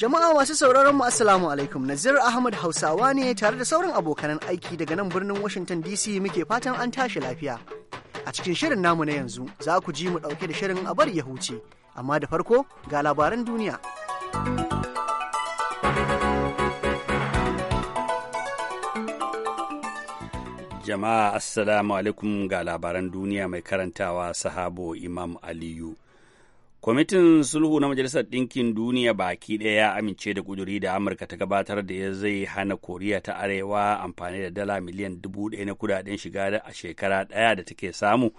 Jama'a masu sauraron mu Assalamu alaikum Nazir Ahmad Hausawa ne tare da sauran abokanan aiki daga nan birnin Washington DC muke fatan an tashi lafiya. A cikin shirin namu na yanzu za ku ji mu ɗauke da shirin a bari ya huce, amma da farko ga labaran duniya. Jama'a Assalamu alaikum ga labaran duniya mai karantawa sahabo Imam Aliyu. Kwamitin sulhu na Majalisar Ɗinkin Duniya baki ɗaya ya amince da ƙuduri da Amurka ta gabatar da ya zai hana Koriya ta Arewa amfani da dala miliyan dubu ɗaya na kudaden shiga a shekara ɗaya da take samu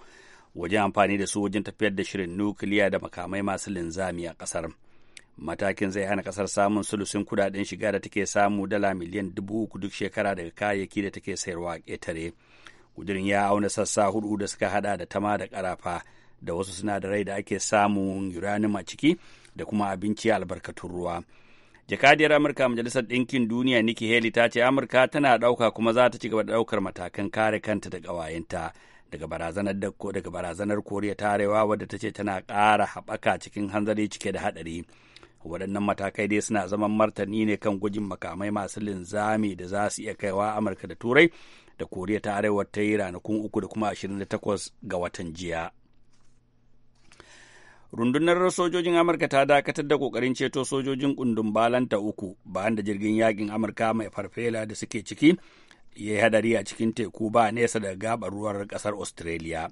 wajen amfani da su wajen tafiyar da shirin nukiliya da makamai masu linzami a ƙasar. Matakin zai hana ƙasar samun sulusin kudaden shiga da take samu dala miliyan dubu uku duk shekara daga kayayyaki da take sayarwa ƙetare. Ƙudurin ya auna sassa hudu da suka haɗa da tama da ƙarafa. da wasu sinadarai da ake samun uranium a ciki da kuma abinci albarkatun ruwa. jakadiyar amurka majalisar ɗinkin duniya nikki haley ta ce amurka tana ɗauka kuma za ta ci gaba da ɗaukar matakan kare kanta da kawayenta daga barazanar daga barazanar koriya ta arewa wadda ta ce tana ƙara haɓaka cikin hanzari cike da haɗari waɗannan matakai dai suna zaman martani ne kan gujin makamai masu linzami da za su iya kaiwa amurka da turai da koriya ta arewa ta yi ranakun uku da kuma ashirin da takwas ga watan jiya rundunar sojojin amurka ta dakatar da kokarin ceto sojojin ƙundun balanta uku bayan da jirgin yakin amurka mai farfela da suke ciki ya yi hadari a cikin teku ba nesa da gabar ruwan ƙasar australia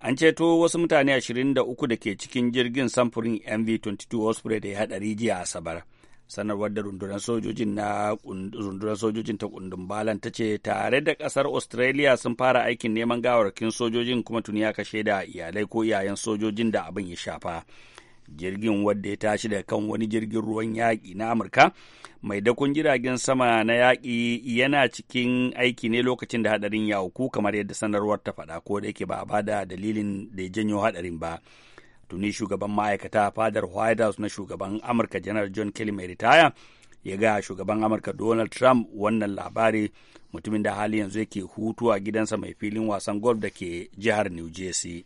an ceto wasu mutane 23 da ke cikin jirgin samfurin mv 22 osprey da ya hadari jiya asabar sanarwar da rundunar sojojin na rundunar sojojin ta kundin balan ta ce tare da kasar australia sun fara aikin neman gawarkin sojojin kuma tuni ya kashe da iyalai ko iyayen sojojin da abin ya shafa jirgin wadda ya tashi da kan wani jirgin ruwan yaƙi na amurka mai dakon jiragen sama na yaƙi yana cikin aiki ne lokacin da hadarin ya auku kamar yadda sanarwar ta faɗa ko da yake ba a ba da dalilin da ya janyo hadarin ba tuni shugaban ma'aikata fadar white house na shugaban amurka janar john kelly mai ritaya ya ga shugaban amurka donald trump wannan labari mutumin da hali yanzu yake hutu a gidansa mai filin wasan golf da ke jihar new jersey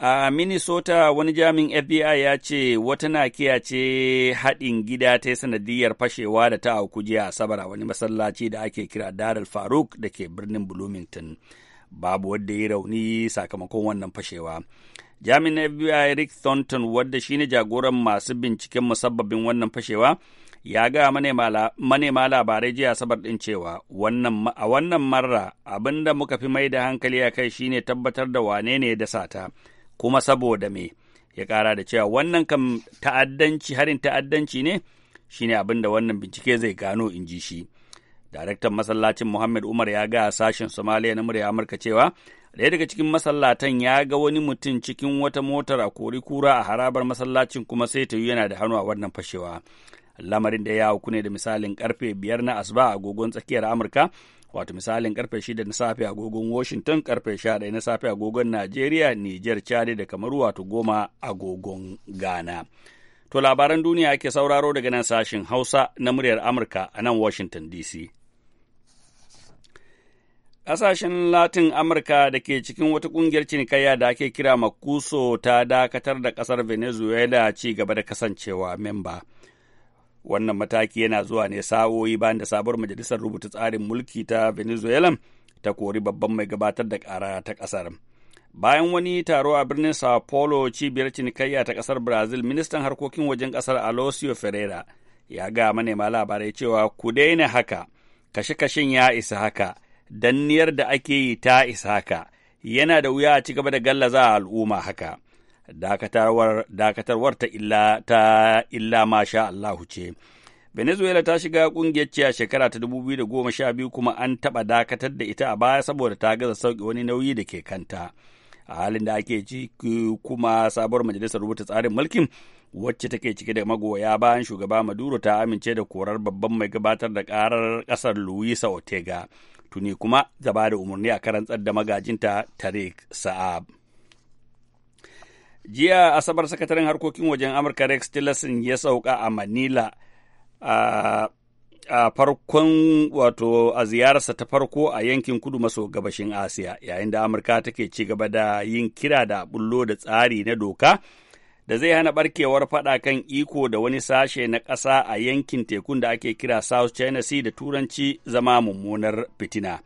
a uh, minnesota wani jami'in fbi ya ce wata nakiya ce haɗin gida ta sanadiyar fashewa da ta auku jiya asabar a wani masallaci da ake kira daral faruk da ke birnin bloomington babu wadda ya rauni sakamakon wannan fashewa jami'in fbi rick thornton wadda shine jagoran masu binciken musabbabin wannan fashewa ya ga manema labarai jiya sabar din cewa a wannan marra abin da muka fi mai da hankali a kai shine tabbatar da wane ne da sata kuma saboda me ya kara da cewa wannan kam ta'addanci harin ta'addanci ne shine abin da wannan bincike zai gano in ji shi Daraktan masallacin Muhammad Umar ya ga sashen Somalia na murya Amurka cewa ɗaya daga cikin masallatan ya ga wani mutum cikin wata motar a kori kura a harabar masallacin kuma sai ta yi yana da hannu a wannan fashewa. Lamarin da ya hauku ne da misalin karfe biyar na asuba a agogon tsakiyar Amurka wato misalin karfe shida na safe a agogon Washington karfe sha ɗaya na safe a agogon Najeriya, Nijar, Chad da Kamaru wato goma agogon Ghana. To labaran duniya ake sauraro daga nan sashen Hausa na muryar Amurka a nan Washington DC. Ƙasashen Latin Amurka da ke cikin wata ƙungiyar cinikayya da ake kira Makuso ta dakatar da ƙasar Venezuela ci gaba da kasancewa memba. Wannan mataki yana zuwa ne sa'o'i bayan da sabuwar majalisar rubuta tsarin mulki ta Venezuela ta kori babban mai gabatar da ƙara ta ƙasar. Bayan wani taro a birnin Sao Paulo cibiyar cinikayya ta ƙasar Brazil, ministan harkokin wajen ƙasar Alosio Ferreira ya ga manema labarai cewa ku daina haka, kashe-kashen ya isa haka. danniyar da ake yi ta isa haka yana da wuya a ci gaba da gallaza al'umma haka. Dakatarwar, ta illa ta illa masha Allahu ce. Venezuela ta shiga kungiyar ce a shekara ta 2012 kuma an taba dakatar da ita a baya saboda ta gaza sauƙi wani nauyi da ke kanta. a halin da ake ciki kuma sabuwar majalisar rubuta tsarin mulkin wacce take cike da magoya bayan shugaba maduro ta amince da korar babban mai gabatar da karar kasar luisa ortega tuni kuma ta ba da umarni a karantsar da magajinta Tariq Sa'ab. Jiya Asabar sakataren harkokin wajen Amurka Rex Tillerson ya sauka a Manila a farkon wato a ziyararsa ta farko a yankin kudu maso gabashin Asiya yayin da Amurka take ci gaba da yin kira da bullo da tsari na doka. da zai hana barkewar faɗa kan iko da wani sashe na ƙasa a yankin tekun da ake kira South China Sea da Turanci zama mummunar fitina.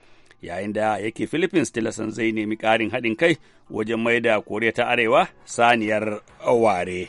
Yayin da yake Philippines tilasan zai nemi ƙarin haɗin kai wajen maida Koriya ta Arewa saniyar ware.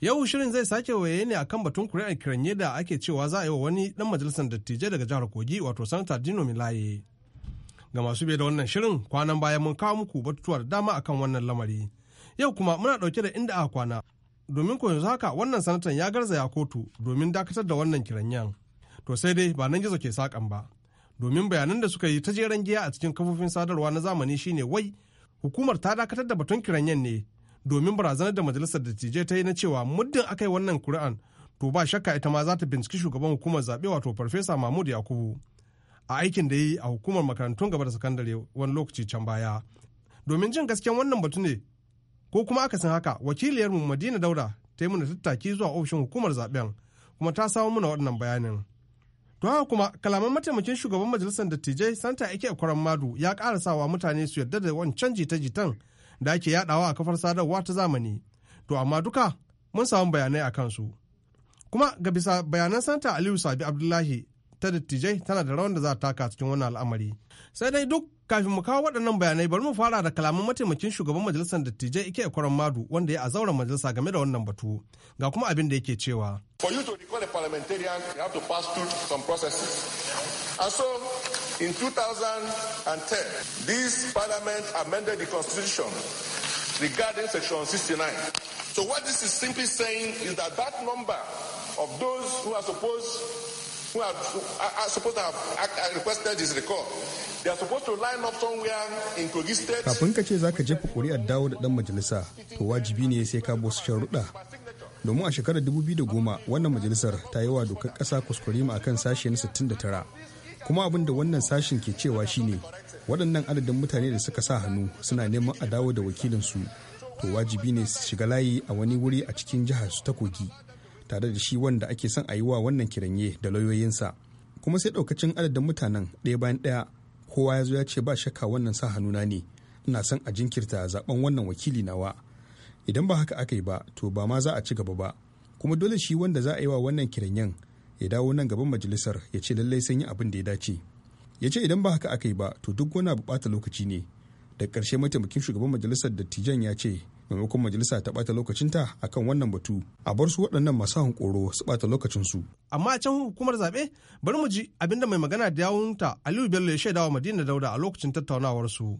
Yau shirin zai sake waye ne akan batun kuri'ar kiranye da ake cewa za a yi wa wani dan majalisar dattijai daga jihar Kogi wato Sanata Dino Milaye. Ga masu bai da wannan shirin kwanan baya mun kawo muku batutuwa da dama akan wannan lamari. Yau kuma muna dauke da inda aka kwana. Domin ko yanzu haka wannan sanatan ya garzaya kotu domin dakatar da wannan kiranyen. To sai dai ba nan gizo ke sakan ba. Domin bayanan da suka yi ta jeran giya a cikin kafofin sadarwa na zamani shine wai hukumar ta dakatar da batun kiranyen ne domin barazanar da majalisar dattijai ta yi na cewa muddin aka yi wannan kuri'an to ba shakka ita ma za ta binciki shugaban hukumar zaɓe wato farfesa mahmud yakubu a aikin da ya yi a hukumar makarantun gaba da sakandare wani lokaci can baya domin jin gasken wannan batu ne ko kuma san haka wakiliyar mu madina daura ta yi mana tattaki zuwa ofishin hukumar zaben kuma ta samo mana waɗannan bayanin to haka kuma kalaman mataimakin shugaban majalisar dattijai santa ake kwaran madu ya karasa sawa mutane su yarda da wancan jita-jitan da ake yaɗawa a kafar sadarwa ta zamani to amma duka mun samu bayanai a kansu kuma ga bisa bayanan santa aliyu sabi abdullahi ta dattijai tana da rawan da za ta taka cikin wannan al'amari sai dai duk kafin mu kawo waɗannan bayanai bari mu fara da kalaman mataimakin shugaban majalisar dattijai ike ekoran madu wanda ya a zauren majalisa game da wannan batu ga kuma abin da yake cewa for you to recall a parliamentarian you have to pass through some processes and so In 2010, this parliament amended the constitution regarding section 69. So what this is simply saying is that that number of those who are supposed who are, are supposed to have uh, requested this record Kafin ka ce za ka jefa kuri'ar dawo da ɗan majalisa, to wajibi ne sai ka bosu sharuɗa. Domin a shekarar 2010 wannan majalisar ta yi wa dokar ƙasa kuskure ma akan sashe na 69. kuma abin da wannan sashin ke cewa shine waɗannan adadin mutane da suka sa hannu suna neman a dawo da wakilinsu to wajibi ne su shiga layi a wani wuri a cikin jihar su ta kogi tare da shi wanda ake son a yi wa wannan kiranye da lauyoyinsa kuma sai ɗaukacin adadin mutanen ɗaya bayan ɗaya kowa ya zo ya ce ba shakka wannan sa hannu na ne ina son a jinkirta zaben wannan wakili nawa idan ba haka aka yi ba to ba ma za a ci gaba ba kuma dole shi wanda za a yi wa wannan kiranyen ya dawo nan gaban majalisar ya ce lallai sun yi abin da ya dace ya ce idan ba haka aka yi ba to duk wani abu bata lokaci ne da ƙarshe mataimakin shugaban majalisar dattijan ya ce maimakon majalisa ta bata lokacinta akan wannan batu a bar su waɗannan masu hankoro su bata lokacinsu. amma a can hukumar zaɓe bari mu ji abinda mai magana da yawunta aliyu bello ya shaidawa madina dauda a lokacin tattaunawarsu.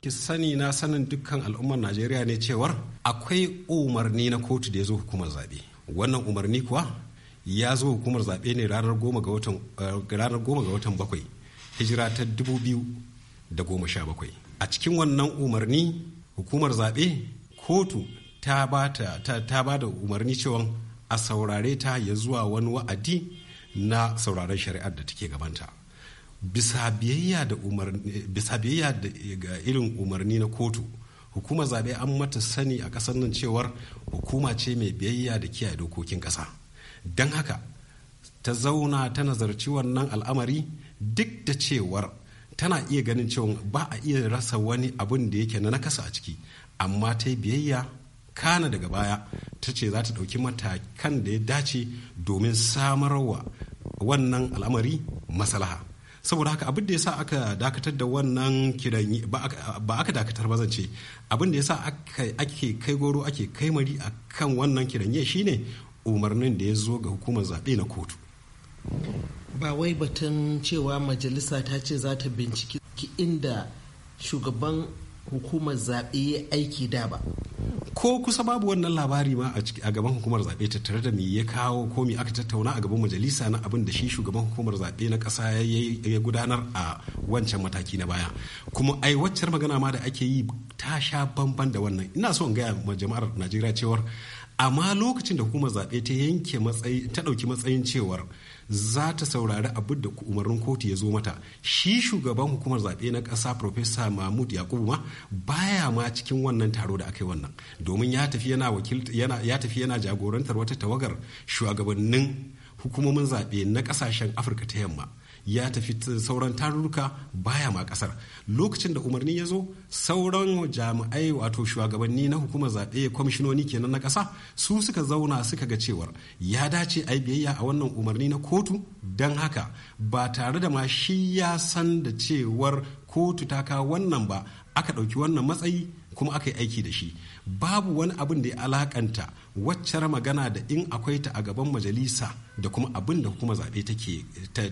ki sani na sanin dukkan al'ummar najeriya ne cewar akwai umarni na kotu da ya zo hukumar zaɓe wannan umarni kuwa ya zo hukumar zaɓe ne eh, ranar goma ga watan bakwai hijira ta dubu biyu da goma sha bakwai a cikin wannan umarni hukumar zaɓe kotu ta ba da umarni cewa a saurare ta ya zuwa wani wa'adi na sauraren shari'ar da take gabanta bisa biyayya da irin umarni na kotu hukumar zaɓe an mata sani a ƙasar nan cewar hukuma ce mai biyayya da kiyaye dokokin ƙasa don haka ta zauna ta nazarci wannan al'amari duk da cewar tana iya ganin cewa ba a iya rasa wani abin da yake na nakasa a ciki amma ta yi biyayya kana daga baya ta ce za ta ɗauki matakan da ya dace domin samarwa wannan al'amari masalaha saboda haka abin da ya sa aka dakatar da wannan kiran ba aka dakatar ba zance abin da ya sa ake kai goro ake kai mari a kan wannan kiranye shine umarnin da ya zo ga hukumar zaɓe na kotu ba wai batun cewa majalisa ta ce za ta binciki inda shugaban hukumar zaɓe ya aiki da ba ko kusa babu wannan labari ma a gaban hukumar zaɓe tare da me ya kawo ko me aka tattauna a gaban majalisa na abin da shi shugaban hukumar zaɓe na ƙasa ya gudanar a wancan mataki na baya kuma ai waccar magana ma da ake yi ta sha bamban da wannan ina so in gaya ma jama'ar najeriya cewar amma lokacin da hukumar zaɓe ta yanke matsayi ta ɗauki matsayin cewar za ta saurari abin da umarnin kotu ya zo mata shi shugaban hukumar zaɓe na ƙasa profesa mahmud yakubu ma baya ma cikin wannan taro da aka yi wannan domin ya tafi yana ya tafi yana jagorantar wata tawagar shugabannin hukumomin zaɓe na ƙasashen afirka ta yamma ya tafi sauran tarurruka baya ma kasar lokacin da umarni ya zo sauran jami'ai wato shugabanni na hukumar zaɓe kwamishinoni kenan na ƙasa su suka zauna suka ga cewar ya dace a biyayya a wannan umarni na kotu don haka ba tare da ma shi ya san da cewar kotu ta kawo wannan ba aka ɗauki wannan matsayi kuma aka yi aiki da shi babu wani abin da ya alakanta waccar magana da in akwai ta a gaban majalisa da kuma abin da kuma zaɓe take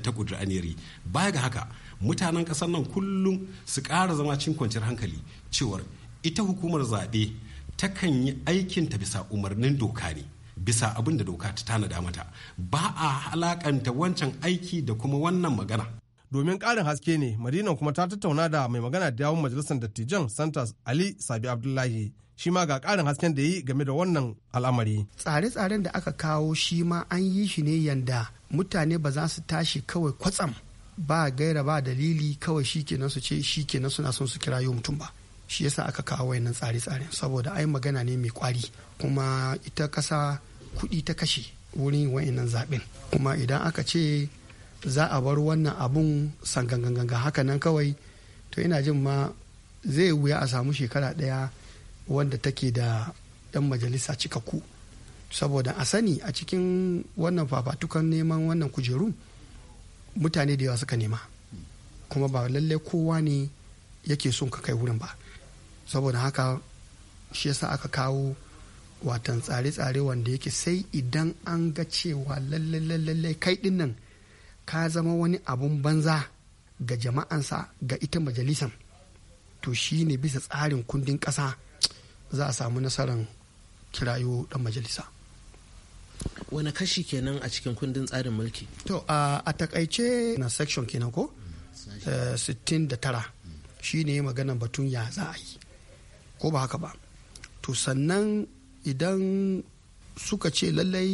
ta ƙudur'aniyari baya ga haka mutanen ƙasar nan kullum su ƙara zama cin kwanciyar hankali cewar ita hukumar zaɓe takan yi aikin ta bisa umarnin doka ne bisa abin da doka ta tanada mata ba a alakanta wancan aiki da kuma wannan magana domin karin haske ne madina kuma ta tattauna da mai magana da yawon majalisar dattijan santas ali sabi abdullahi shi ma ga karin hasken da yi game da wannan al'amari tsare-tsaren da aka kawo shi ma an yi shi ne yanda mutane ba za su tashi kawai kwatsam ba gaira ba dalili kawai shi su ce shi kenan suna son su kirayo mutum ba shi yasa aka kawo wayannan tsare-tsaren saboda ai magana ne mai kwari kuma ita kasa kuɗi ta kashe wurin wayannan zaɓen kuma idan aka ce za a bar wannan abun sanganganga haka nan kawai to ina jin ma zai wuya a samu shekara ɗaya wanda take da 'yan majalisa cikakku saboda a sani a cikin wannan fafatukan neman wannan kujeru mutane da yawa suka nema kuma ba lalle kowa ne yake son ka kai wurin ba saboda haka shi yasa aka kawo watan tsare-tsare wanda yake sai idan an ga cewa lalle lalle kai dinnan ka zama wani abun banza ga jama'ansa ga ita majalisan to shi ne bisa tsarin kundin ƙasa za a samu nasarar kirayo ɗan majalisa wani kashi kenan a cikin kundin tsarin mulki to a takaice na section kenan ko 69 shi ne magana batun ya za a yi ko ba haka ba to sannan idan suka ce lallai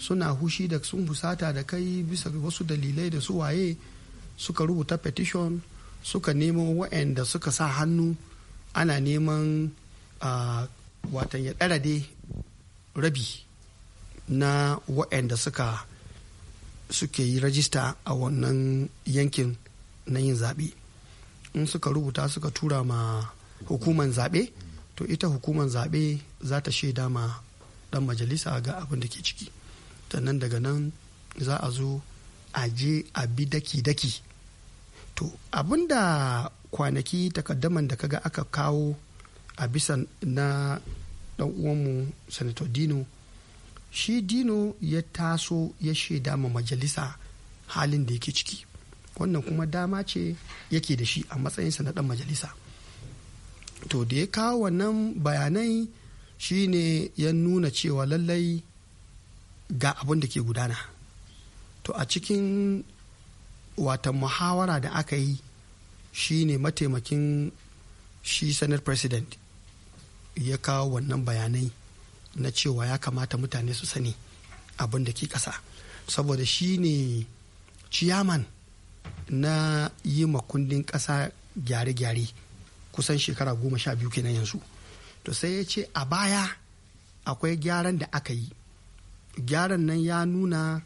suna hushi da sun husata da kai bisa wasu dalilai da su waye suka rubuta petition suka nemo wa'anda suka sa hannu ana neman watan ya dai rabi na wa'anda suka suke yi rajista a wannan yankin na yin zaɓe in suka rubuta suka tura ma hukuman zaɓe to ita hukuman zaɓe za ta shaida ma dan majalisa ga abin da ke ciki sannan daga nan za a zo a je a bi daki-daki to abinda kwanaki takaddaman da kaga aka kawo a bisa na dan uwanmu senator dino shi dino ya taso ya shaida ma majalisa halin da yake ciki wannan kuma dama ce yake da shi a matsayinsa na dan majalisa to da ya kawo wannan bayanai shine ya nuna cewa lallai ga abin da ke gudana to a cikin watan muhawara da aka yi shi ne mataimakin shi senate president ya kawo wannan bayanai na cewa ya kamata mutane su sani abin da ke kasa saboda shi ne ciyaman na yi makundin kasa gyare-gyare kusan shekara goma sha biyu kenan yanzu to sai ya ce a baya akwai gyaran da aka yi gyaran nan ya nuna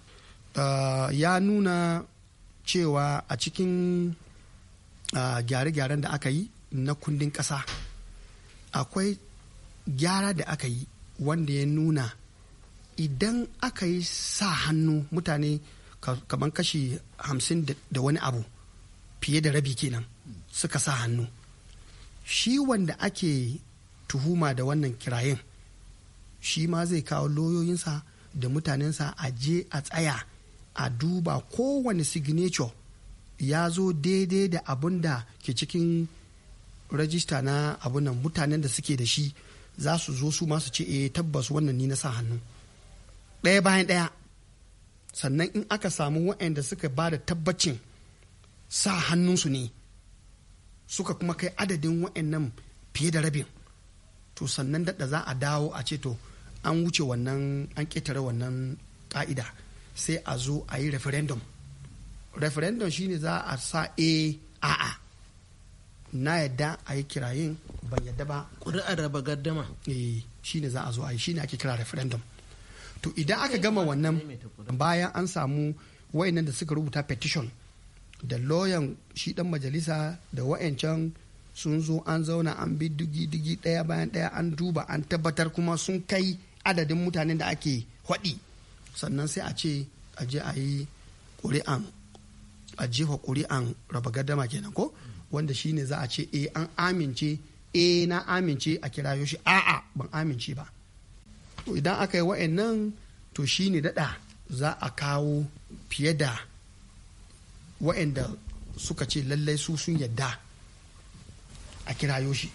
uh, ya nuna cewa a cikin uh, gyare-gyaren da aka yi na kundin ƙasa akwai gyara da aka yi wanda ya nuna idan aka yi sa hannu mutane kamar kashi hamsin da wani abu fiye da rabi kenan suka sa hannu shi wanda ake tuhuma da wannan kirayen shi ma zai kawo loyoyinsa da mutanensa a je a tsaya a duba kowane signature ya zo daidai da abun da ke cikin rajista na abunan mutanen da suke da shi za su zo su masu ce e tabbas wannan ni na sa hannu ɗaya bayan ɗaya sannan in aka samu waɗanda suka ba da tabbacin sa hannunsu ne suka kuma kai adadin waɗannan fiye da rabin to sannan daɗa za a dawo a ce to an wuce wannan an ƙetare wannan ka'ida sai a zo a yi referendum referendum shine za a sa a a na yadda a yi kirayin ban yadda ba ƙuri'ar raba gardama eh shine za a zo a yi shine ake kira referendum to idan aka gama wannan bayan an samu wayannan da suka rubuta petition da loyan shi dan majalisa da wayancan sun zo an zauna an bi digi digi ɗaya bayan ɗaya an duba an tabbatar kuma sun kai adadin mutanen da ake haɗi sannan sai a ce a je a yi ƙuri'an a jefa ƙuri'an raba gardama kenan ko wanda shine za a ce e an amince e na amince a kirayo shi a'a ban amince ba idan aka yi wa'annan to shine dada za a kawo fiye da wa'anda suka ce lallai su sun yadda a kirayo shi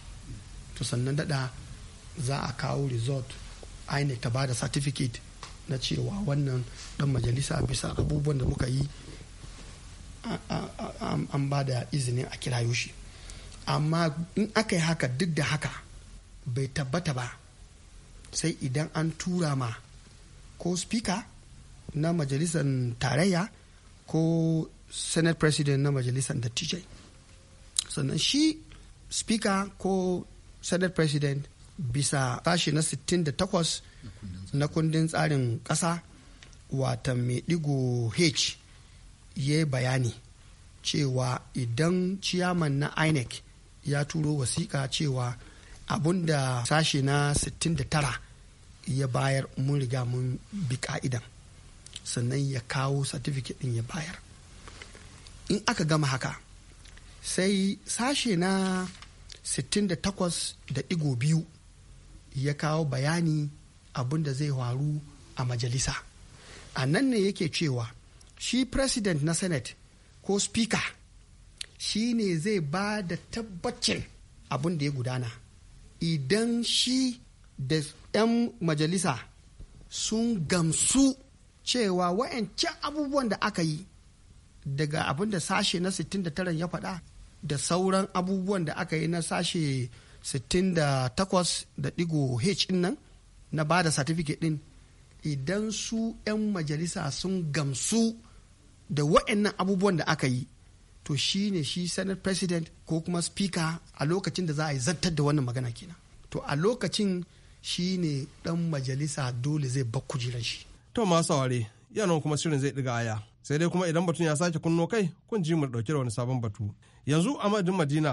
to sannan dada za a kawo resort inec ta bada certificate na cewa wannan dan majalisa bisa abubuwan da muka yi an ba da izinin a kirayo shi amma in aka yi haka duk da haka bai tabbata ba sai idan an tura ma ko speaker na majalisar tarayya ko senate president na majalisar dattijai sannan shi speaker ko senate president bisa sashi na 68 na kundin tsarin ƙasa wata mai digo h ya bayani cewa idan ciyaman na inec ya turo wasiƙa cewa abun da sashe na 69 ya bayar mun riga mun bi ka'idan sannan ya kawo certificate ɗin ya bayar in aka gama haka sai sashe na 68 da digo biyu ya kawo bayani abin da zai faru a majalisa a nan ne yake cewa shi president na senate ko speaker shi ne zai ba da tabbacin abin da ya gudana idan shi da 'yan majalisa sun gamsu cewa wa'ancan abubuwan da aka yi daga abin da sashe na 69 ya faɗa da sauran abubuwan da aka yi na sashe 68 da digo h din nan na ba da certificate din idan su 'yan majalisa sun gamsu da wa'annan abubuwan da aka yi to shi ne shi senate president ko kuma speaker a lokacin da za a yi zartar da wannan magana kenan to a lokacin shi ne dan majalisa dole zai bar kujerar shi to masu ware yana kuma shirin zai ɗiga aya sai dai kuma idan batun ya sake kunno kai kun ji mu dauke da wani sabon batu yanzu a madina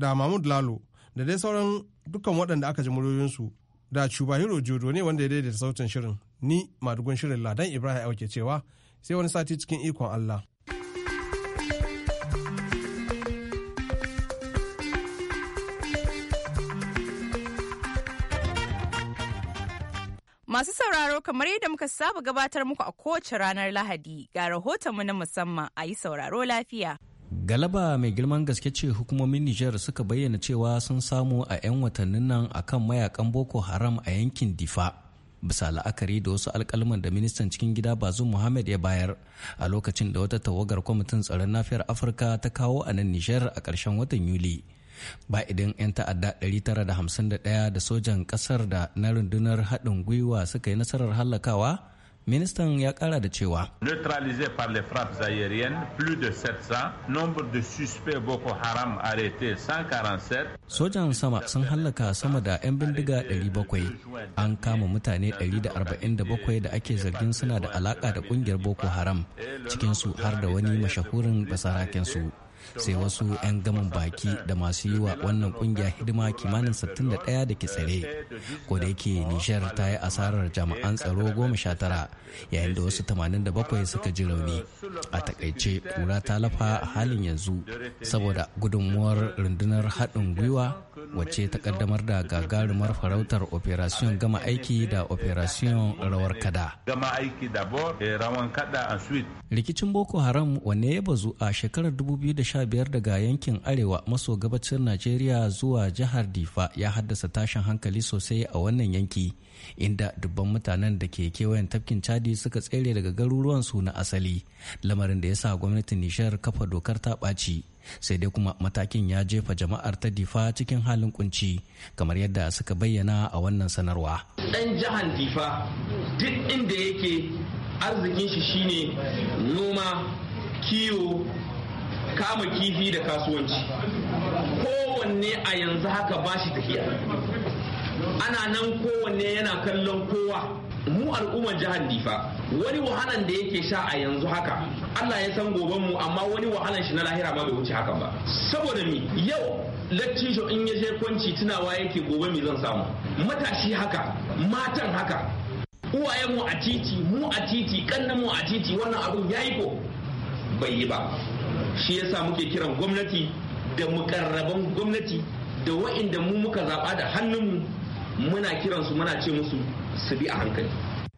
da mahmud lalo da dai sauran dukkan waɗanda aka ji muryoyinsu da Chubahiro Jodo ne wanda ya daidaita sautin shirin ni madugun shirin Ladan Ibrahim Auke cewa sai wani sati cikin ikon Allah. Masu sauraro kamar yadda muka saba gabatar muku a kowace ranar Lahadi ga rahotonmu na musamman a yi sauraro lafiya. Galaba mai girman gaske ce hukumomin Nijar suka bayyana cewa sun samu a 'yan watannin nan akan mayakan Boko Haram a yankin Difa. Bisa la'akari da wasu alkalman da ministan cikin gida bazu Muhammad ya bayar a lokacin da wata tawagar kwamitin tsaron nafiyar Afirka ta kawo a nan Nijar a ƙarshen watan Yuli. Ba idan 'yan ta'adda 951 da sojan ƙasar da na rundunar haɗin gwiwa suka yi nasarar hallakawa ministan ya kara da cewa neutralisé par les frappes aériennes plus de 700 nombre de suspects boko haram arrêtés 147 sojan sama sun hallaka sama da 'yan bindiga 700 an kama mutane 147 da ake zargin suna da alaka da kungiyar boko haram cikinsu har da wani mashahurin basaraken su sai wasu 'yan gaman baki da masu yi wa wannan kungiya hidima kimanin 61 da ke tsare kodayake da yake nishar ta yi asarar jami'an tsaro 19 yayin da wasu 87 suka ji rauni a takaice kura ta lafa a halin yanzu saboda gudunmuwar rundunar haɗin gwiwa wacce ta kaddamar da gagarumar farautar operation gama aiki da operation rawar kada rikicin boko haram wanne ya bazu a shekarar biyar daga yankin arewa maso gabacin najeriya zuwa jihar difa ya haddasa tashin hankali sosai a wannan yanki inda dubban mutanen da ke kewayen tafkin chadi suka tsere daga garuruwansu na asali lamarin da ya sa gwamnatin nishar kafa dokar ta ɓaci sai dai kuma matakin ya jefa jama'ar ta difa cikin halin kunci kamar yadda suka bayyana a wannan sanarwa ɗan jihar difa duk inda yake arzikin shi shine noma kiwo kama kifi da kasuwanci kowanne a yanzu haka ba shi tafiya ana nan kowanne yana kallon kowa mu al'ummar jihar difa wani wahalan da yake sha a yanzu haka allah ya san goben mu amma wani wahalan shi na lahira ma bai wuce haka ba saboda mi yau shi in ya je kwanci tunawa yake gobe mi zan samu matashi haka matan haka uwayenmu a titi mu a titi mu a titi wannan abun yayi ko bai yi ba shi yasa muke kiran gwamnati da mukarraban gwamnati da wa'inda mu muka zaɓa da hannunmu muna kiransu muna ce musu su bi a hankali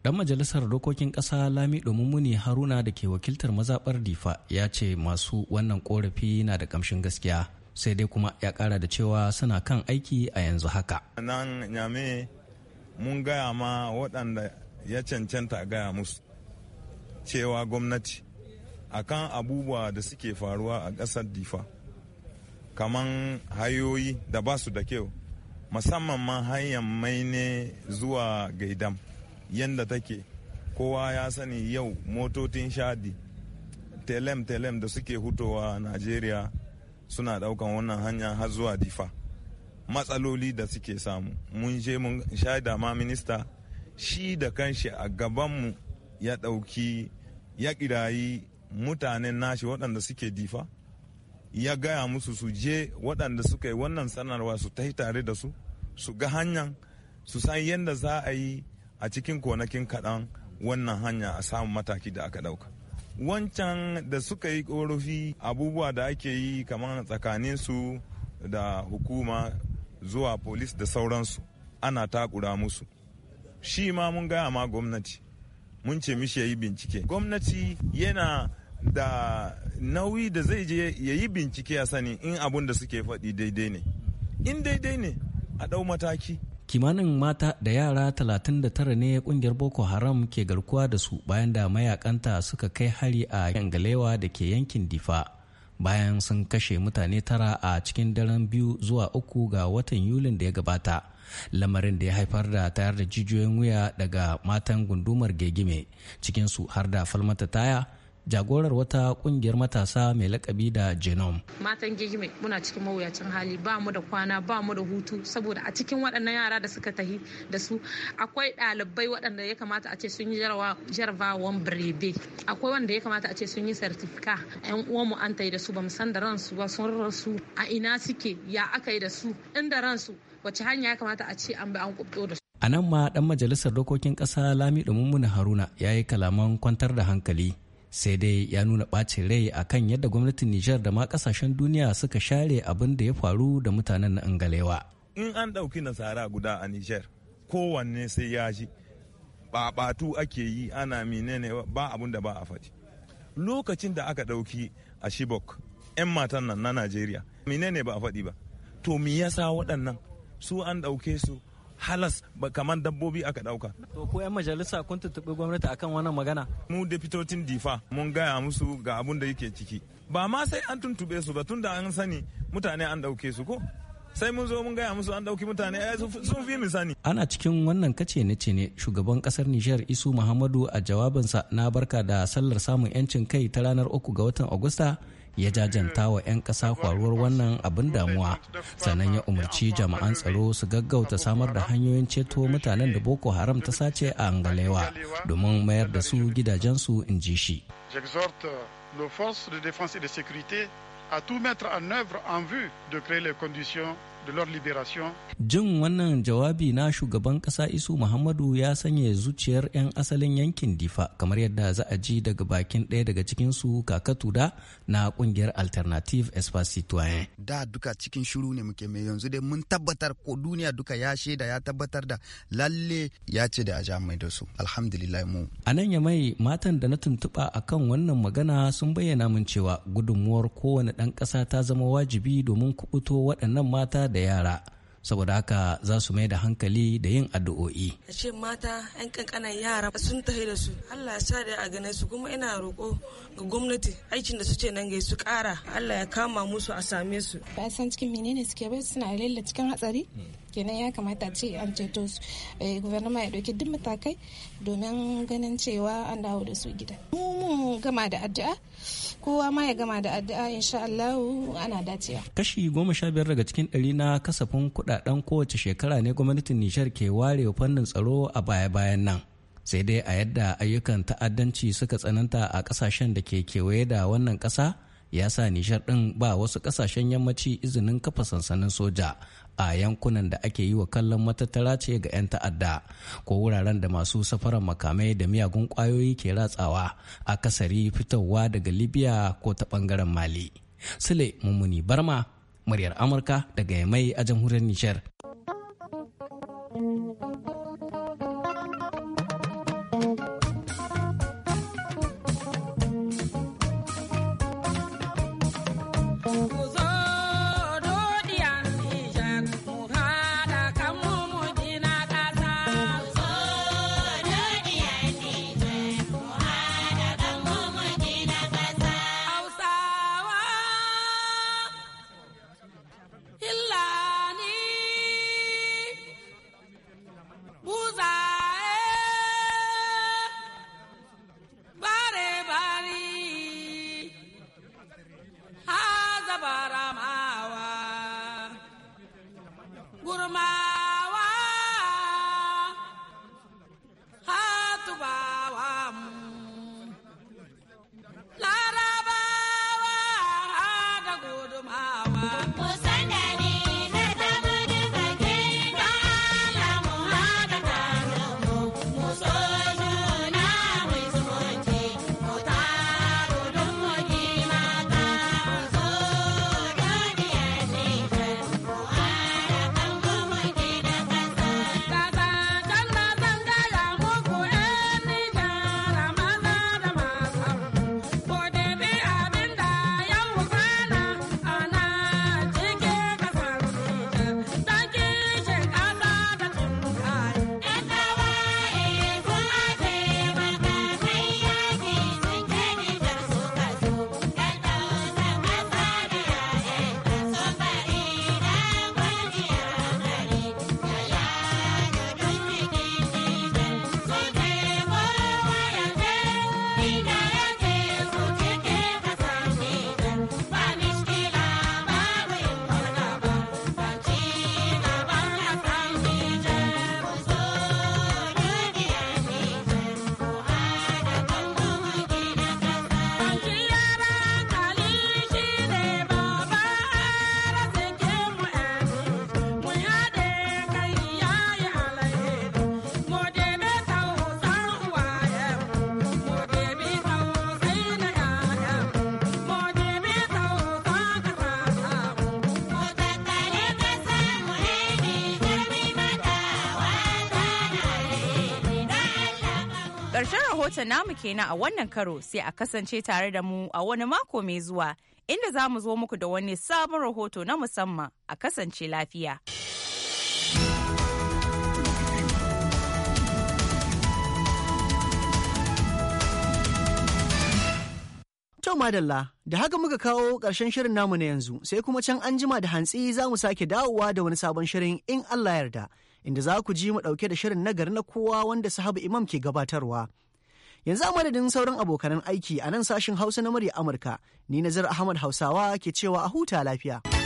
dan majalisar dokokin ƙasa lami muni haruna da ke wakiltar mazaɓar difa ya ce masu wannan korafi na da ƙamshin gaskiya sai dai kuma ya kara da cewa suna kan aiki a yanzu haka nan nyame mun gaya ma waɗanda ya cancanta gaya musu cewa gwamnati akan abubuwa da suke faruwa a ƙasar difa kaman hayoyi da ba su da kyau musamman ma hanyar mai ne zuwa gaidam yadda take kowa ya sani yau motocin shadi telem-telem da suke hutowa najeriya suna daukan wannan hanya har zuwa difa matsaloli da suke samu mun je mun shaida ma minista shi da kanshi a gabanmu ya dauki ya kirayi mutanen nashi waɗanda suke difa ya gaya musu su je waɗanda suka yi wannan sanarwa su ta tare da su su ga hanyan su san yadda za a yi a cikin konakin kaɗan wannan hanya a samun mataki da aka ɗauka wancan da suka yi ƙorafi abubuwa da ake yi kamar tsakanin su da hukuma zuwa polis da sauransu ana takura musu shi ma mun gaya ma gwamnati mun ce mishi ya yi bincike gwamnati yana da nauyi da zai je ya yi bincike a sani in abun da suke faɗi daidai ne in daidai ne a ɗau mataki kimanin mata da yara 39 ne kungiyar boko haram ke garkuwa da su bayan da mayakanta suka kai hari a yangalewa da ke yankin difa bayan sun kashe mutane tara a cikin daren biyu zuwa uku ga watan yulin da ya gabata lamarin da ya haifar da tayar da jijiyoyin wuya daga matan gundumar gegime cikinsu har da falmata taya jagorar wata kungiyar matasa mai lakabi da genome. Matan gigime muna cikin mawuyacin hali ba mu da kwana ba mu da hutu saboda a cikin waɗannan yara da suka tahi da su akwai ɗalibai waɗanda ya kamata a ce sun yi jarabawan birebe akwai wanda ya kamata a ce sun yi sartifika yan uwanmu an tayi da su ba mu san da ransu ba sun rasu a ina suke ya aka yi da su inda ransu wace hanya ya kamata a ce an bi an kubto da su. A nan ma dan majalisar dokokin kasa lamidu Mummuna Haruna ya yi kalaman kwantar da hankali sai dai ya nuna ɓacin rai a kan yadda gwamnatin nijar da ma kasashen duniya suka share abin da ya faru da mutanen na Angalewa. in an ɗauki nasara guda a nijar kowanne sai ya ji ɓaɓatu ake yi ana menene ba abun da ba a faɗi lokacin da aka ɗauki a shibok 'yan matan nan na najeriya menene ba a faɗi ba to me yasa waɗannan su an ɗauke su halas kamar dabbobi aka dauka. To ko 'yan majalisa kun tuntuɓi gwamnati akan wannan magana? Mu deputotin difa mun gaya musu ga abun da yake ciki. Ba ma sai an tuntuɓe su ba tunda an sani mutane an ɗauke su ko? sai mun zo mun gaya musu an dauki mutane eh, sun fi misani. Ana cikin wannan kace na ce ne shugaban kasar Nijar Isu Muhammadu a jawabinsa na barka da sallar samun 'yancin kai ta ranar uku ga watan Agusta ya jajanta wa 'yan ƙasa kwaruwar wannan abin damuwa sannan ya umarci jami'an tsaro su gaggauta samar da hanyoyin ceto mutanen da boko haram ta sace a angalewa domin mayar da su gidajensu in ji shi A de tout mettre en œuvre en vue de créer les conditions de leur libération. Jin wannan jawabi na shugaban kasa Isu Muhammadu ya sanya zuciyar 'yan asalin yankin Difa kamar yadda za a ji daga bakin ɗaya daga cikin su Kakatuda na kungiyar Alternative Espace Citoyen. Da duka cikin shiru ne muke mai yanzu dai mun tabbatar ko duniya duka ya shaida ya tabbatar da lalle ya ce da a mai da Alhamdulillah mu. A nan ya mai matan da na tuntuɓa a kan wannan magana sun bayyana min cewa gudunmuwar kowane ɗan ƙasa ta zama wajibi domin kuɓuto waɗannan mata da da yara saboda haka za su mai da hankali da yin addu'o'i. A ce mata 'yan kankanan yara sun tahi da su Allah ya sa da a gane su kuma ina roƙo ga gwamnati aikin da su ce nan gai su ƙara Allah ya kama musu a same su. Ba san cikin menene suke bai suna lalla cikin hatsari kenan ya kamata ce an ceto su eh, gwamnati ya ɗauki duk matakai domin ganin cewa an dawo da su gida. Mu gama da addu'a kowa ma ya gama da addu'a insha Allah ana dacewa kashi goma sha biyar daga cikin ɗari na kasafin kuɗaɗen kowace shekara ne gwamnatin Nijar ke ware fannin tsaro a baya-bayan nan sai dai a yadda ayyukan ta'addanci suka tsananta a ƙasashen da ke kewaye da wannan ƙasa ya sa nishar ɗin ba wasu ƙasashen yammaci izinin kafa sansanin soja a yankunan da ake yi wa kallon matattara ce ga 'yan ta'adda ko wuraren da masu safarar makamai da miyagun ƙwayoyi ke ratsawa a kasari fitowa daga libya ko ta ɓangaren mali sule mummuni barma muryar amurka daga yamai a jamhuriyar nishar rahoton namu kenan a wannan karo sai a kasance tare da mu a wani mako mai zuwa inda za mu zo muku da wani sabon rahoto na musamman a kasance lafiya. tau madalla, da haka muka kawo ƙarshen shirin namu na yanzu, sai kuma can an jima da hantsi za mu sake dawowa da wani sabon shirin in Allah yarda, inda za ku ji mu ɗauke da shirin nagari na kowa wanda sahabu imam ke gabatarwa. Yanzu a madadin sauran abokanan aiki a nan sashen Hausa na murya Amurka, ni Nazar Ahmad Hausawa ke cewa a huta lafiya.